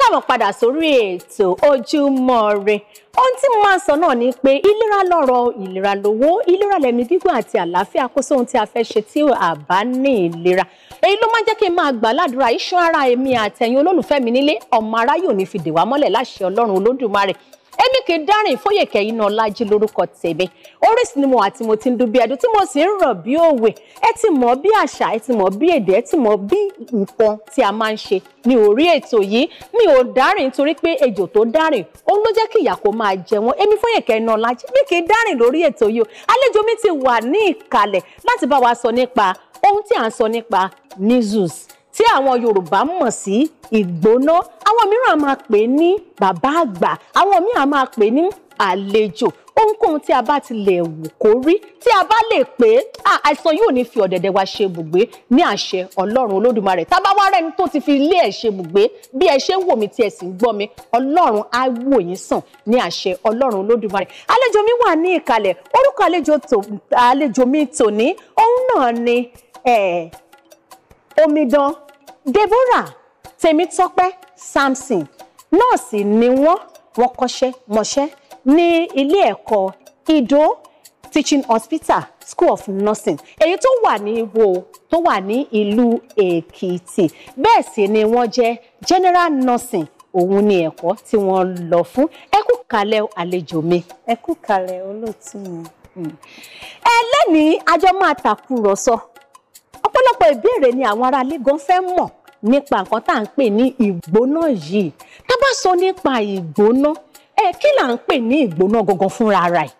káàbọ̀ padà sórí ètò ojúmọ́ ire ohun tí mo máa ń sọ náà ni pé ìlera lọ́rọ̀ ìlera lówó ìlera lẹ̀mí gígùn àti àlàáfíà kó sóhun tí a fẹ́ ṣe tí a bá ní ìlera èyí ló máa ń jẹ́ kí n máa gbà ládùúrà iṣan ara èmi àtẹ̀yìn olólùfẹ́ mi nílé ọmọ aráyò ní fi dè mọ́lẹ̀ láṣẹ ọlọ́run olódùmarè èmi kì í dárìn Fóyèkẹ́ Ináolájí lórúkọ tèmi Orísun ni mo àti mo ti ń dún bí ẹdún tí mo sì ń rọ̀ bí òwe ẹ ti mọ̀ bí àṣà ẹ ti mọ̀ bí èdè ẹ ti mọ̀ bí nǹkan tí a máa ń ṣe ní orí ètò yìí mi ò dárìn torí pé ejò tó dárìn òun ló jẹ́ kí ìyà kó máa jẹ wọ́n èmi Fóyèkẹ́ Ináolájí mi kì í dárìn lórí ètò yìí o àlejò mi ti wà ní ìkàlẹ̀ láti bá wa sọ nípa ohun tí à ń sọ nípa measles tí àwọn Yorùbá mọ̀ sí ìgbóná àwọn mìíràn máa pè ní bàbá àgbà àwọn mìíràn máa pè ní àlejò ohunkóhun tí a bá ti lè wù kó rí tí a bá lè pé àìsàn yóò ní fi ọ̀dẹ̀dẹ̀ wa ṣe bùgbé ní àṣẹ ọlọ́run olódùmarè tá a bá wá rẹni tó ti fi ilé ẹ̀ ṣe bùgbé bí ẹ ṣe ń wò mí tí ẹ sì ń gbọ́ mi ọlọ́run á wò yín sàn ní àṣẹ ọlọ́run olódùmarè àlejò mi wà ní ìkàlẹ̀ orúkọ àlejò mi tòní òun náà ni omidan Deborah Tèmítọ́pẹ́ Samson nọ́ọ̀sì ni wọ́n wọ́n kọ́ṣẹ́ mọṣẹ́ ní ilé ẹ̀kọ́ Ido, Teaching Hospital School of Nursing èyí tó wà ní Ìwó tó wà ní ìlú Èkìtì bẹ́ẹ̀ sì ni wọ́n jẹ́ General Nursing òun ni ẹ̀kọ́ tí wọ́n lọ fún ẹ kú kalẹ̀ àlejò mi. ẹ kú kalẹ̀ olóòtú mi. ẹlẹ́ni a jọ máa tàkùrọ̀sọ. So ọ̀pọ̀lọpọ̀ ìbéèrè ni àwọn ará ilé gan fẹ́ mọ̀ nípa nǹkan tá à ń pè ní ìgbóná yìí tá bá sọ nípa ìgbóná ẹ kí là ń pè ní ìgbóná gangan fúnra ara ẹ̀.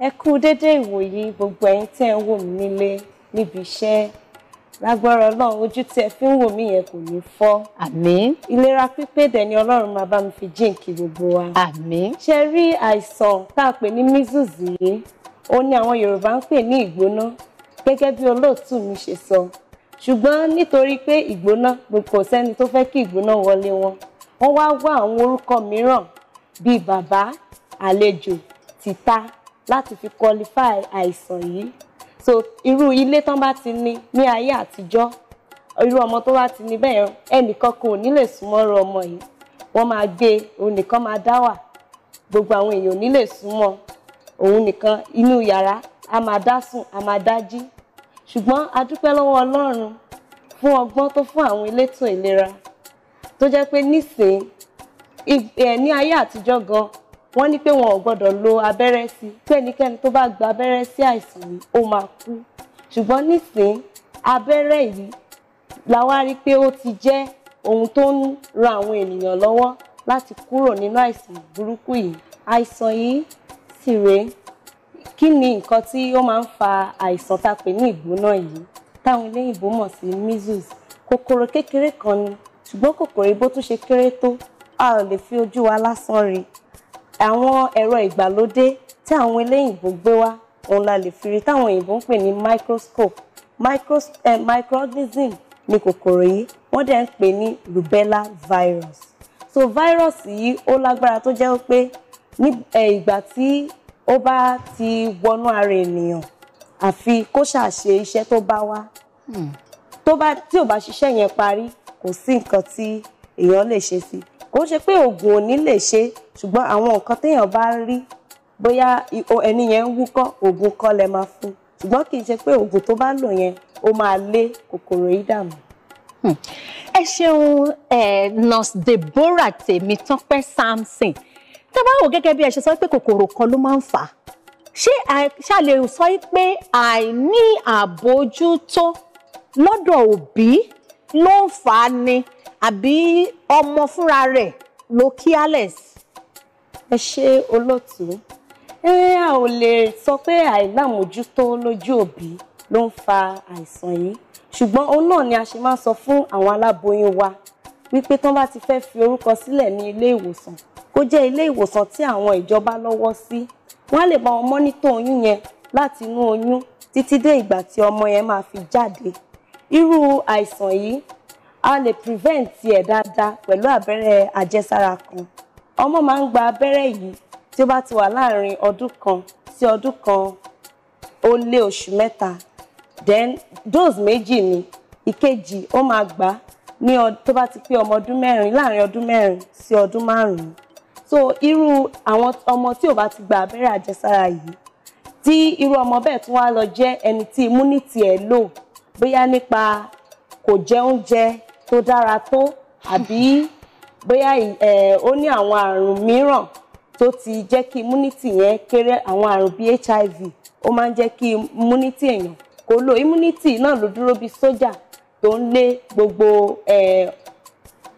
ẹ kú dédé ìwòyí gbogbo ẹ̀yin tẹ́ ń wò mí nílé níbi iṣẹ́ lágbára Ọlọ́run ojú tí ẹ fi ń wò mí yẹn kò ní fọ́. àmín. ìlera pípé dẹ̀ ni Ọlọ́run máa bá mi fi jíǹkì gbogbo wa. àmín. ṣe rí àìsàn tá a pè ní measles yìí òun ni àwọn Yorùbá ń pè ní ìgbóná gẹ́gẹ́ bí olóòtú mi ṣe sọ ṣùgbọ́n nítorí pé ìgbóná kò sẹ́ni tó fẹ́ kí ìgbóná wọlé wọn wọ́n wá wá àwọn orúkọ mìíràn bíi bàbá àlejò tìta láti fi qualify àìsàn yìí so irú ilé tán bá ti ní ní ayé àtijọ́ irú ọmọ tó bá ti ní bẹ́ẹ̀ ẹnìkan kò ní lè súnmọ́rọ̀ ọmọ yìí wọ́n máa gbé e, òun nìkan máa dá wà gbogbo àwọn èèyàn ò ní lè súnmọ́ òun nìkan inú yàrá a máa dá sùn a máa dá jí ṣùgbọ́n a dúpẹ́ lọ́wọ́ Ọlọ́run fún ọgbọ́n tó fún àwọn elétò ìlera tó jẹ́ pé nísìn ní ayé àtijọ́ gan wọ́n ní pé wọn ò gbọ́dọ̀ lo abẹ́rẹ́ sí pé ẹnikẹ́ni tó bá gba abẹ́rẹ́ sí àìsàn yìí ó máa kú ṣùgbọ́n nísìn abẹ́rẹ́ yìí la wá rí pé ó ti jẹ́ ohun tó ń ran àwọn ènìyàn lọ́wọ́ láti kúrò nínú àìsàn burúkú yìí àìsàn yìí sì rèé kí ni nǹkan tí ó máa ń fa àìsàn tá a pè ní ìgbóná yìí táwọn eléyìnbó mọ̀ sí measles kòkòrò kékeré kan ni ṣùgbọ́n kòkòrò ibo tún ṣe kéré tó a ò lè fi ojú wa lásán rí àwọn ẹ̀rọ ìgbàlódé tí àwọn eléyìnbó gbé wá òun la lè fi rí táwọn òyìnbó ń pè ní microscope microorganism ni kòkòrò yìí wọ́n dẹ̀ ń pè ní rubella virus so virus yìí ó lágbára tó jẹ́ pé ní ìgbà tí ó bá ti wọnú ara ènìyàn àfi kó ṣàṣe iṣẹ́ tó bá wá hmm. tó bá tí ò bá ṣiṣẹ́ yẹn parí kò sí nǹkan tí èèyàn lè ṣe sí kò ń ṣe pé oògùn ò ní lè ṣe ṣùgbọ́n àwọn nǹkan téèyàn bá rí bóyá ẹni yẹn ń wúkọ́ oògùn kan lè máa fún ṣùgbọ́n kì í ṣe pé oògùn tó bá lò yẹn ó máa lé kòkòrò yìí dànù. Hmm. ẹ ṣeun nurse Deborah Tèmítọ́pẹ́ Samson tá a bá wò gẹ́gẹ́ bí ẹ ṣe sọ pé kòkòrò kan ló máa ń fà á ṣé ṣá lè sọ pé àìní àbójútó lọ́dọ̀ òbí ló ń fà á ni àbí ọmọ fúnra rẹ̀ ló kí alex. ẹ ṣe olóòtú ẹ a ò lè sọ pé àìlámójútó lójú òbí ló ń fa àìsàn yìí ṣùgbọ́n òun náà ni a ṣe máa ń sọ fún àwọn aláboyún wa wípé tán bá ti fẹ́ fi orúkọ sílẹ̀ ní ilé ìwòsàn kó jẹ́ ilé ìwòsàn tí àwọn ìjọba lọ́wọ́ sí wọ́n á lè bá wọn mọ́nítọ̀ oyún yẹn láti inú oyún títí dé ìgbà tí ọmọ yẹn máa fi jáde irú àìsàn yìí a lè prevent ẹ̀ dáadáa pẹ̀lú abẹ́rẹ́ àjẹsára kan ọmọ máa ń gba abẹ́rẹ́ yìí tí ó bá ti wà láàárín ọdún kan sí ọdún kan ó lé oṣù mẹ́ta then dose méjì ni ìkejì ó máa gbà ní tó bá ti pé ọmọ ọdún mẹ́rin láàárín ọdún mẹ́rin sí ọdún márùn-ún so irú àwọn ọmọ tí ò bá ti gba abẹ́rẹ́ àjẹsára yìí tí irú ọmọ bẹ́ẹ̀ tún wá lọ jẹ́ ẹni tí immunity ẹ̀ lò bóyá nípa kò jẹ oúnjẹ tó dára tó àbí bóyá ó ní àwọn àrùn mìíràn tó ti jẹ́ kí immunity yẹn kéré àwọn àrùn bíi HIV ó máa ń jẹ́ kí immunity èèyàn kó lò immunity náà ló dúró bíi sójà tó ń lé gbogbo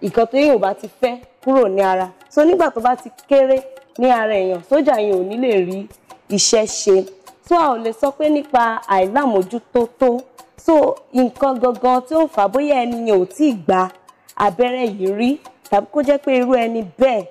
ìkan tó yóò bá ti fẹ́ kúrò ní ara so nígbà tó bá ti kéré ní ara èèyàn sójà yẹn ò ní lè rí iṣẹ́ ṣe so a ò lè sọ pé nípa àìlámójútó tó so nǹkan gangan tí ó ń fà bóyá ẹni yẹn ò tí ì gba abẹ́rẹ́ yìí rí tàbí kó jẹ́ pé irú ẹni bẹ́ẹ̀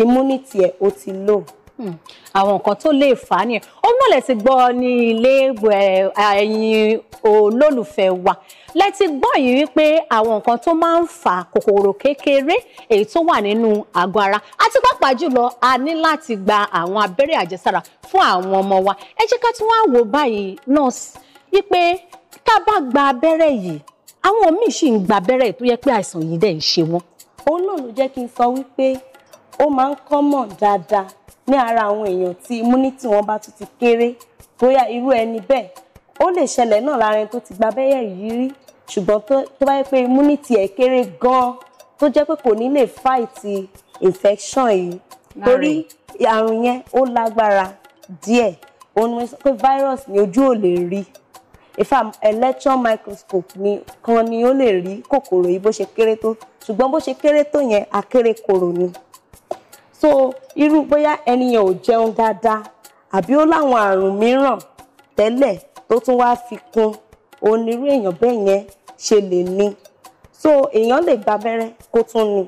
immunity ẹ̀ ó ti low Hmm. àwọn nǹkan tó lè fà á nìyẹn ó mọ̀lẹ́ ti gbọ́ ní ilé eh, ẹ̀yin olólùfẹ́ wa lẹ́tí gbọ́ yìí wípé àwọn nǹkan tó máa ń fa kòkòrò kékeré èyí tó wà nínú àgọ́ ara àti pàápàá jùlọ a ní láti gba àwọn abẹ́rẹ́ àjẹsára fún àwọn ọmọ wa ẹ jẹ́ ká tún wá wò báyìí nọ́ọ̀sì wípé tá a bá gba abẹ́rẹ́ yìí àwọn míì sì ń gba abẹ́rẹ́ tó yẹ pé àìsàn yìí dẹ̀ ń ṣe wọ́n. òun jẹ́ kí n sọ wípé ó máa ń common dáadáa ní ara àwọn èèyàn tí immunity wọn bá tún ti kéré bóyá irú ẹni bẹ́ẹ̀ ó lè ṣẹlẹ̀ náà lára ẹni tó ti gba abẹ́rẹ́ yìí rí ṣùgbọ́n tó bá yẹ pé immunity ẹ̀ kéré gan-an tó jẹ́ pé kò ní lè fight infection yìí torí àrùn yẹn ó lágbára díẹ̀ òun ni pé virus ni ojú ò lè rí in electron microscope ni kan ni ó lè rí kòkòrò yìí bó ṣe kéré tó ṣùgbọ́n bó ṣe kéré tó yẹn akéré kòrò ni so irú bóyá ẹnìyàn ò jẹun dáadáa àbí ó láwọn àrùn mìíràn tẹ́lẹ̀ tó tún wá fi kún onírú èèyàn bẹ́ẹ̀ yẹn ṣe lè ní so èèyàn lè gba abẹ́rẹ́ kó tún ní.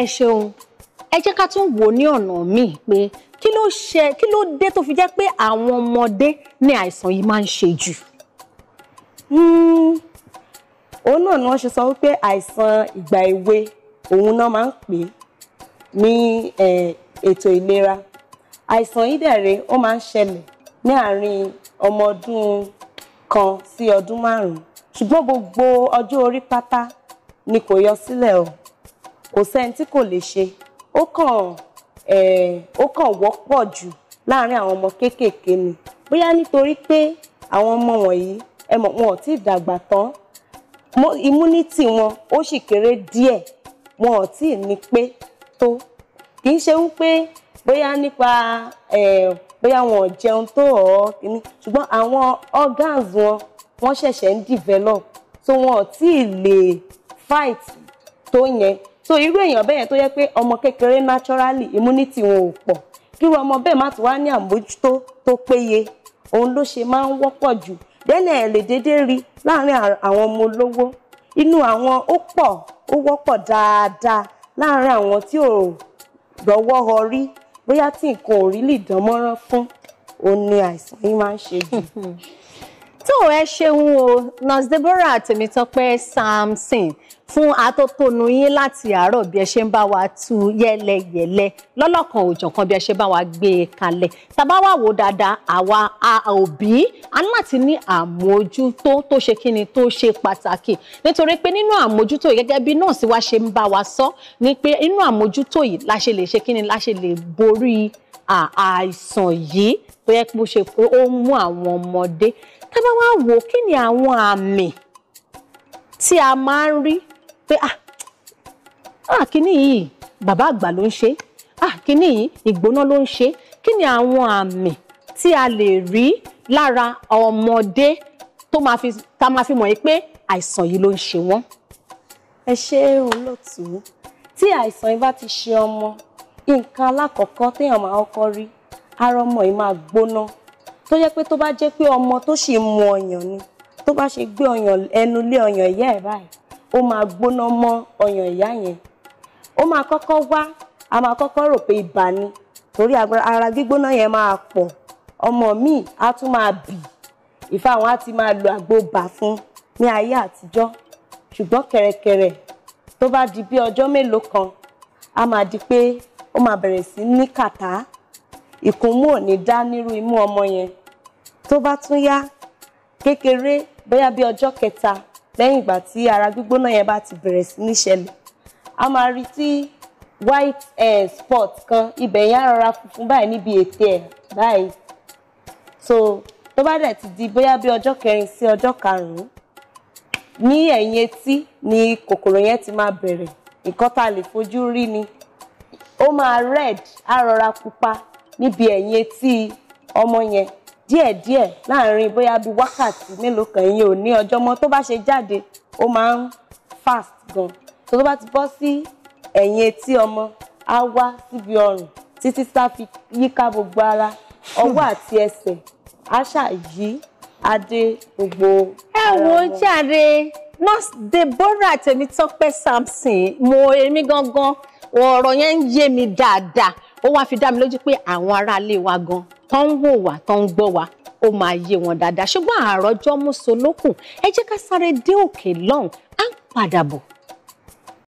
ẹ ṣeun ẹ jẹ́ ká tún wò ní ọ̀nà míì pé kí ló ṣe kí ló dé tó fi jẹ́ pé àwọn ọmọdé ní àìsàn yìí máa ń ṣe jù. Hmm, òun náà ni wọ́n ṣe sọ wípé àìsàn ìgbà èwe òun náà máa ń pè é ní ètò ìlera àìsàn yìí dẹ̀rẹ̀ ó máa ń ṣẹlẹ̀ ní àárín ọmọ ọdún kan sí ọdún márùn-ún ṣùgbọ́n gbogbo ọjọ́ orí pátá ni kò yọ sílẹ̀ o kò sẹ́ni tí kò lè ṣe ó kàn ó kàn wọ́pọ̀ jù láàárín àwọn ọmọ kéékèèké ni bóyá nítorí pé àwọn ọmọ wọ̀nyí ẹ mọ̀ wọn ò tí ì dàgbà tán immunity wọn ó sì kéré díẹ̀ wọn ò tí ì ní pé tó kì í ṣe wípé bóyá nípa bóyá wọn ò jẹun tó ọ̀ kíní ṣùgbọ́n àwọn organs wọn wọ́n ṣẹ̀ṣẹ̀ ń develop so wọn ò tí ì lè fight tó yẹn so irú èèyàn bẹ́ẹ̀ tó yẹ pé ọmọ kékeré naturally immunity wọn ò pọ̀ kí irú ọmọ bẹ́ẹ̀ má ti wá ní àmójútó tó péye òun ló ṣe máa ń wọ́pọ̀ jù dẹ́nà lè déédé rí láàárín àwọn ọmọ olówó inú àwọn ó pọ̀ ó wọ́pọ̀ dáadáa láàárín àwọn tí ò dọwọ́ họ rí bóyá tí nǹkan ò rí lè dán mọ́rán fún òun ni àìsàn yìí máa ń ṣe jù. tó ẹ ṣeun o nurse Deborah Tèmítọ́pẹ́ Samson fún atótónu yín láti àárọ̀ bí ẹ ṣe ń bá wa tú yẹ́lẹ́yẹ́lẹ́ lọ́lọ́kan òjọ̀kan bí ẹ ṣe bá wa gbé e kalẹ̀ tàbá wà wò dáadáa àwa òbí a ní láti ní àmójútó tó ṣe kíni tó ṣe pàtàkì nítorí pé nínú àmójútó yìí gẹ́gẹ́ bí nọ́ọ̀sì wa ṣe ń bá wa sọ ni pé nínú àmójútó yìí la ṣe lè ṣe kíni la ṣe lè borí àìsàn yìí tó yẹ kó ṣe pé ó ń mú àwọn ọmọdé tàbá wà wò kí ni àwọn àmì tí a máa ń rí pé ah ah kíní yìí bàbá àgbà ló ń ṣe ah kíní yìí ìgbóná ló ń ṣe kí ni àwọn àmì tí a lè rí lára ọmọdé tó máa fi tá máa fi mọ̀ yìí pé àìsàn yìí ló ń ṣe wọ́n. ẹ ṣe olóòtú tí àìsàn yìí bá ti ṣe ọmọ nǹkan alákọ̀ọ́kọ́ téèyàn máa kọ́kọ́ rí ara ọmọ yìí máa gbóná tó jẹ́ pé tó bá jẹ́ pé ọmọ tó ṣì mu ọyàn ni tó bá ṣe gbé ọyàn ẹnu lé ọyàn ìyá ẹ̀ báyìí ó máa gbóná mọ́ ọyàn ìyá yẹn ó máa kọ́kọ́ wá a máa kọ́kọ́ rò pé ibà ni torí ara gbígbóná yẹn máa pọ̀ ọmọ míì á tún máa bì ìfà àwọn á ti máa lo àgbo bà fún ní ayé àtijọ́ ṣùgbọ́n kẹ̀rẹ̀kẹ̀rẹ̀ tó bá di bí ọjọ́ mélòó kan a máa di pé ó máa bẹ̀rẹ̀ sí ní kàtá ìkúnmú ò ní dá nírú imú ọmọ yẹn tó bá tún yá kékeré bóyá bí ọjọ́ kẹta lẹ́yìn ìgbà tí ara gbígbóná yẹn bá ti bẹ̀rẹ̀ sí ní ṣẹlẹ̀ a máa rí tí white eh, spot kan ibẹ̀ yẹn á rọra funfun báyìí níbi ètè ẹ̀ báyìí so tó bá dẹ̀ ti di bóyá bí ọjọ́ kẹrin sí ọjọ́ karùn-ún ní ẹ̀yìn etí ni kòkòrò yẹn ti máa bẹ̀rẹ̀ nǹkan tá a lè fojú rí ni ó máa red á rọra pupa níbi ẹ̀yìn etí ọmọ yẹn díẹ̀díẹ̀ láàrin bóyá bíi wákàtí mélòó kan ìyẹn ò ní ọjọ́ mọ́ tó bá ṣe jáde ó máa ń fast gan tó tó bá ti bọ́ sí ẹ̀yìn etí ọmọ á wá síbi ọrùn títí tá fi yíká gbogbo ara ọwọ́ hmm. àti ẹsẹ̀ á ṣàyí adé gbogbo. ẹ wo jáde nurse Deborah Tèmítọ́pẹ́ Samson mo èmi gangan ọ̀rọ̀ yẹn ń yé mi dáadáa ó wá fi dá mi lójú pé àwọn aráalé wa gan tó ń wò wá tó ń gbọ́ wá ó máa yé wọn dáadáa ṣùgbọ́n àròjọ mú so lókùn ẹ jẹ́ ká sáré dé òkè lọ́hùn á ń padà bọ̀